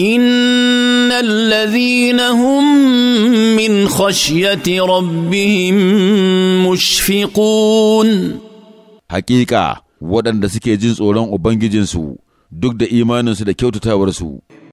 ان الذين هم من خشيه ربهم مشفقون حقيقه waɗanda suke jin tsoron ubangijinsu duk da imaninsu da kyautatawarsu